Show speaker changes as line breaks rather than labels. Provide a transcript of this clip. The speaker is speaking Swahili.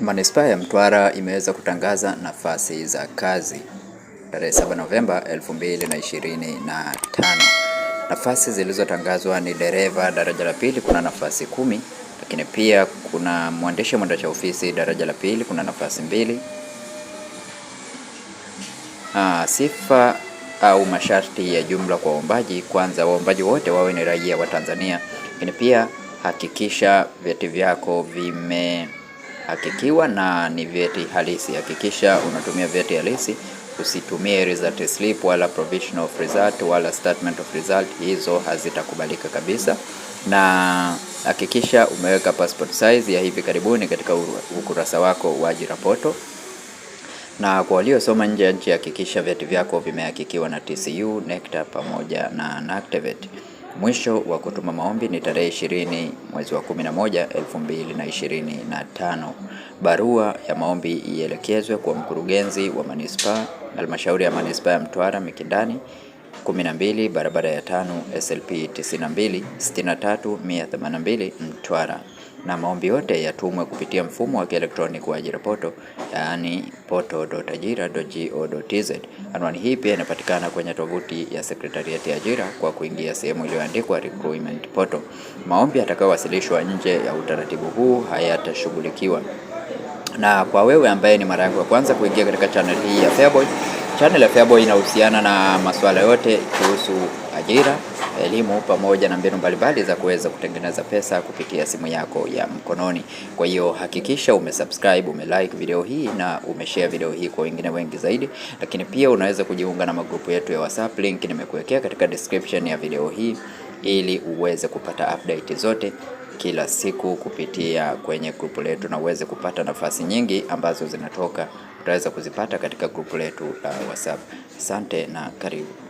Manispaa ya Mtwara imeweza kutangaza nafasi za kazi tarehe 7 Novemba 2025. Nafasi zilizotangazwa ni dereva daraja la pili, kuna nafasi kumi, lakini pia kuna mwandishi mwendesha ofisi daraja la pili, kuna nafasi mbili. Aa, ah, sifa au masharti ya jumla kwa waombaji. Kwanza, waombaji wote wawe ni raia wa Tanzania, lakini pia hakikisha vyeti vyako vime hakikiwa na ni vyeti halisi. Hakikisha unatumia vyeti halisi, usitumie result slip wala provisional of result wala statement of result, hizo hazitakubalika kabisa. Na hakikisha umeweka passport size ya hivi karibuni katika ukurasa wako wa ajira na kwa waliosoma nje ya nchi hakikisha vyeti vyako vimehakikiwa na TCU, NECTA pamoja na NACTVET. Mwisho wa kutuma maombi ni tarehe 20 mwezi wa 11 2025. Barua ya maombi ielekezwe kwa mkurugenzi wa manispaa halmashauri ya manispaa ya Mtwara Mikindani 12 barabara ya tano SLP 92 182 Mtwara na maombi yote yatumwe kupitia mfumo wa kielektroniki wa ajira poto, yaani poto.ajira.go.tz. Anwani hii pia inapatikana kwenye tovuti ya Sekretarieti ya Ajira kwa kuingia sehemu iliyoandikwa recruitment poto. Maombi yatakayowasilishwa nje ya utaratibu huu hayatashughulikiwa. Na kwa wewe ambaye ni mara yako ya kwanza kuingia katika channel hii ya Feaboy, channel ya Feaboy inahusiana na masuala yote kuhusu ajira, elimu pamoja na mbinu mbalimbali za kuweza kutengeneza pesa kupitia simu yako ya mkononi. Kwa hiyo hakikisha umesubscribe, umelike video hii na umeshare video hii kwa wengine wengi zaidi, lakini pia unaweza kujiunga na magrupu yetu ya WhatsApp, link nimekuwekea katika description ya video hii ili uweze kupata update zote kila siku kupitia kwenye grupu letu na uweze kupata nafasi nyingi ambazo zinatoka, utaweza kuzipata katika grupu letu la WhatsApp. Asante na karibu.